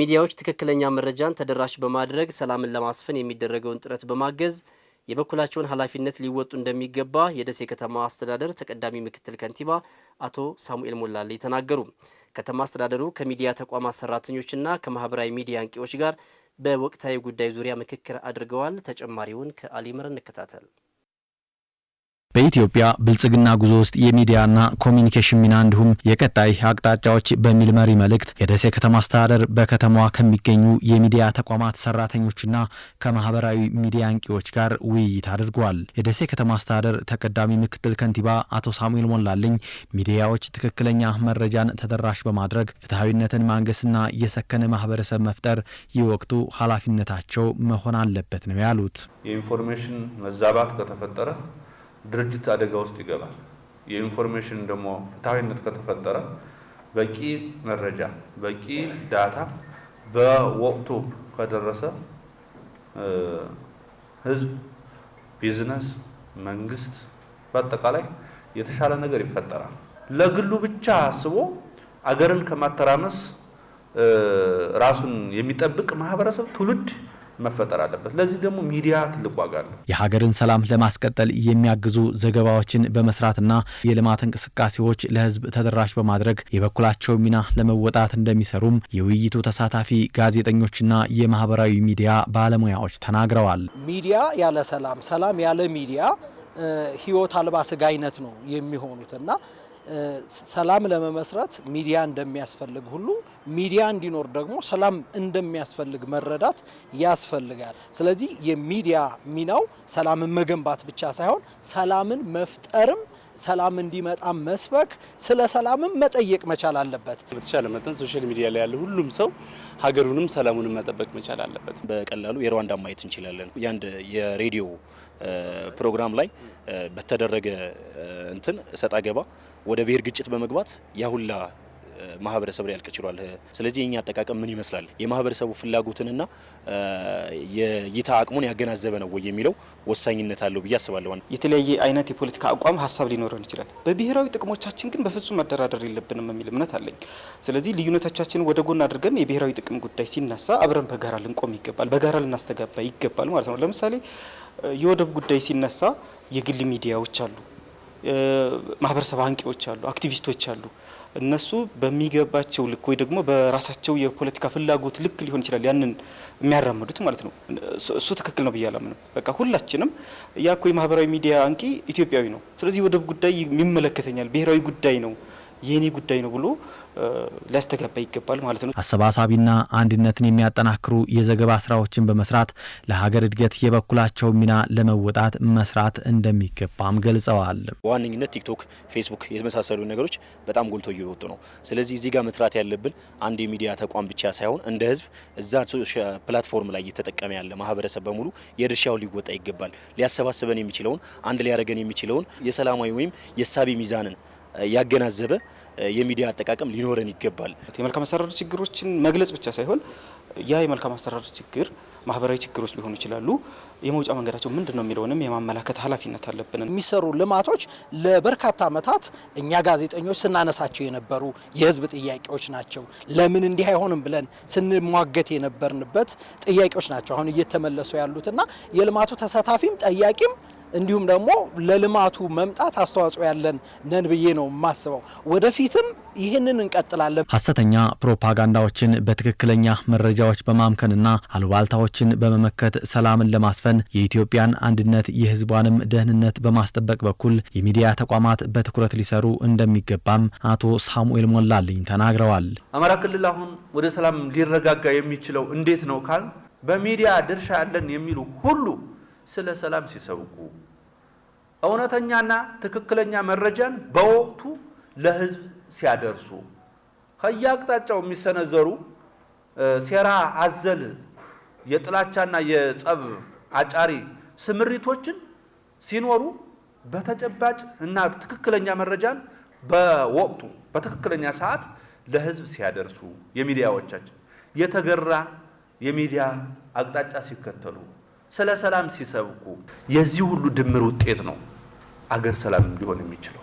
ሚዲያዎች ትክክለኛ መረጃን ተደራሽ በማድረግ ሰላምን ለማስፈን የሚደረገውን ጥረት በማገዝ የበኩላቸውን ኃላፊነት ሊወጡ እንደሚገባ የደሴ ከተማ አስተዳደር ተቀዳሚ ምክትል ከንቲባ አቶ ሳሙኤል ሞላሌ ተናገሩ። ከተማ አስተዳደሩ ከሚዲያ ተቋማት ሰራተኞችና ከማህበራዊ ሚዲያ አንቂዎች ጋር በወቅታዊ ጉዳይ ዙሪያ ምክክር አድርገዋል። ተጨማሪውን ከአሊምር እንከታተል። በኢትዮጵያ ብልጽግና ጉዞ ውስጥ የሚዲያና ኮሚኒኬሽን ሚና እንዲሁም የቀጣይ አቅጣጫዎች በሚል መሪ መልእክት የደሴ ከተማ አስተዳደር በከተማዋ ከሚገኙ የሚዲያ ተቋማት ሰራተኞችና ከማህበራዊ ሚዲያ አንቂዎች ጋር ውይይት አድርጓል። የደሴ ከተማ አስተዳደር ተቀዳሚ ምክትል ከንቲባ አቶ ሳሙኤል ሞላልኝ። ሚዲያዎች ትክክለኛ መረጃን ተደራሽ በማድረግ ፍትሐዊነትን ማንገስና የሰከነ ማህበረሰብ መፍጠር የወቅቱ ኃላፊነታቸው መሆን አለበት ነው ያሉት። የኢንፎርሜሽን መዛባት ከተፈጠረ ድርጅት አደጋ ውስጥ ይገባል። የኢንፎርሜሽን ደግሞ ፍትሐዊነት ከተፈጠረ በቂ መረጃ በቂ ዳታ በወቅቱ ከደረሰ ህዝብ፣ ቢዝነስ፣ መንግስት በአጠቃላይ የተሻለ ነገር ይፈጠራል። ለግሉ ብቻ አስቦ አገርን ከማተራመስ ራሱን የሚጠብቅ ማህበረሰብ ትውልድ መፈጠር አለበት። ለዚህ ደግሞ ሚዲያ ትልቅ ዋጋ አለው። የሀገርን ሰላም ለማስቀጠል የሚያግዙ ዘገባዎችን በመስራትና የልማት እንቅስቃሴዎች ለህዝብ ተደራሽ በማድረግ የበኩላቸው ሚና ለመወጣት እንደሚሰሩም የውይይቱ ተሳታፊ ጋዜጠኞችና የማህበራዊ ሚዲያ ባለሙያዎች ተናግረዋል። ሚዲያ ያለ ሰላም፣ ሰላም ያለ ሚዲያ ህይወት አልባ አይነት ነው የሚሆኑት እና ሰላም ለመመስረት ሚዲያ እንደሚያስፈልግ ሁሉ ሚዲያ እንዲኖር ደግሞ ሰላም እንደሚያስፈልግ መረዳት ያስፈልጋል። ስለዚህ የሚዲያ ሚናው ሰላምን መገንባት ብቻ ሳይሆን ሰላምን መፍጠርም ሰላም እንዲመጣ መስበክ፣ ስለ ሰላምም መጠየቅ መቻል አለበት። በተቻለ መጠን ሶሻል ሚዲያ ላይ ያለ ሁሉም ሰው ሀገሩንም ሰላሙንም መጠበቅ መቻል አለበት። በቀላሉ የሩዋንዳ ማየት እንችላለን። የአንድ የሬዲዮ ፕሮግራም ላይ በተደረገ እንትን እሰጥ ወደ ብሔር ግጭት በመግባት ያሁላ ማህበረሰብ ላይ ያልቅ ችሏል። ስለዚህ የኛ አጠቃቀም ምን ይመስላል የማህበረሰቡ ፍላጎትንና የእይታ አቅሙን ያገናዘበ ነው ወይ የሚለው ወሳኝነት አለው ብዬ አስባለሁ። የተለያየ አይነት የፖለቲካ አቋም ሀሳብ ሊኖረን ይችላል። በብሔራዊ ጥቅሞቻችን ግን በፍጹም መደራደር የለብንም የሚል እምነት አለኝ። ስለዚህ ልዩነቶቻችን ወደ ጎን አድርገን የብሔራዊ ጥቅም ጉዳይ ሲነሳ አብረን በጋራ ልንቆም ይገባል፣ በጋራ ልናስተጋባ ይገባል ማለት ነው። ለምሳሌ የወደብ ጉዳይ ሲነሳ የግል ሚዲያዎች አሉ። ማህበረሰብ አንቂዎች አሉ፣ አክቲቪስቶች አሉ። እነሱ በሚገባቸው ልክ ወይ ደግሞ በራሳቸው የፖለቲካ ፍላጎት ልክ ሊሆን ይችላል ያንን የሚያራምዱት ማለት ነው። እሱ ትክክል ነው ብዬ አላምንም። በቃ ሁላችንም ያ እኮ የማህበራዊ ሚዲያ አንቂ ኢትዮጵያዊ ነው። ስለዚህ ወደብ ጉዳይ ይመለከተኛል፣ ብሔራዊ ጉዳይ ነው የእኔ ጉዳይ ነው ብሎ ሊያስተጋባ ይገባል ማለት ነው። አሰባሳቢና አንድነትን የሚያጠናክሩ የዘገባ ስራዎችን በመስራት ለሀገር እድገት የበኩላቸው ሚና ለመወጣት መስራት እንደሚገባም ገልጸዋል። በዋነኝነት ቲክቶክ፣ ፌስቡክ የተመሳሰሉ ነገሮች በጣም ጎልቶ እየወጡ ነው። ስለዚህ እዚህ ጋር መስራት ያለብን አንድ የሚዲያ ተቋም ብቻ ሳይሆን እንደ ህዝብ እዛ ፕላትፎርም ላይ እየተጠቀመ ያለ ማህበረሰብ በሙሉ የድርሻው ሊወጣ ይገባል። ሊያሰባስበን የሚችለውን አንድ ሊያደርገን የሚችለውን የሰላማዊ ወይም የሳቢ ሚዛንን ያገናዘበ የሚዲያ አጠቃቀም ሊኖረን ይገባል። የመልካም አስተዳደር ችግሮችን መግለጽ ብቻ ሳይሆን ያ የመልካም አስተዳደር ችግር ማህበራዊ ችግሮች ሊሆኑ ይችላሉ። የመውጫ መንገዳቸው ምንድን ነው የሚለውንም የማመላከት ኃላፊነት አለብን። የሚሰሩ ልማቶች ለበርካታ ዓመታት እኛ ጋዜጠኞች ስናነሳቸው የነበሩ የህዝብ ጥያቄዎች ናቸው። ለምን እንዲህ አይሆንም ብለን ስንሟገት የነበርንበት ጥያቄዎች ናቸው አሁን እየተመለሱ ያሉትና የልማቱ ተሳታፊም ጠያቂም እንዲሁም ደግሞ ለልማቱ መምጣት አስተዋጽኦ ያለን ነን ብዬ ነው የማስበው። ወደፊትም ይህንን እንቀጥላለን። ሀሰተኛ ፕሮፓጋንዳዎችን በትክክለኛ መረጃዎች በማምከንና አሉባልታዎችን በመመከት ሰላምን ለማስፈን የኢትዮጵያን አንድነት የሕዝቧንም ደህንነት በማስጠበቅ በኩል የሚዲያ ተቋማት በትኩረት ሊሰሩ እንደሚገባም አቶ ሳሙኤል ሞላልኝ ተናግረዋል። አማራ ክልል አሁን ወደ ሰላም ሊረጋጋ የሚችለው እንዴት ነው ካል በሚዲያ ድርሻ ያለን የሚሉ ሁሉ ስለ ሰላም ሲሰብኩ እውነተኛና ትክክለኛ መረጃን በወቅቱ ለህዝብ ሲያደርሱ ከየአቅጣጫው የሚሰነዘሩ ሴራ አዘል የጥላቻና የጸብ አጫሪ ስምሪቶችን ሲኖሩ በተጨባጭ እና ትክክለኛ መረጃን በወቅቱ በትክክለኛ ሰዓት ለህዝብ ሲያደርሱ የሚዲያዎቻችን የተገራ የሚዲያ አቅጣጫ ሲከተሉ ስለ ሰላም ሲሰብኩ የዚህ ሁሉ ድምር ውጤት ነው አገር ሰላም ሊሆን የሚችለው።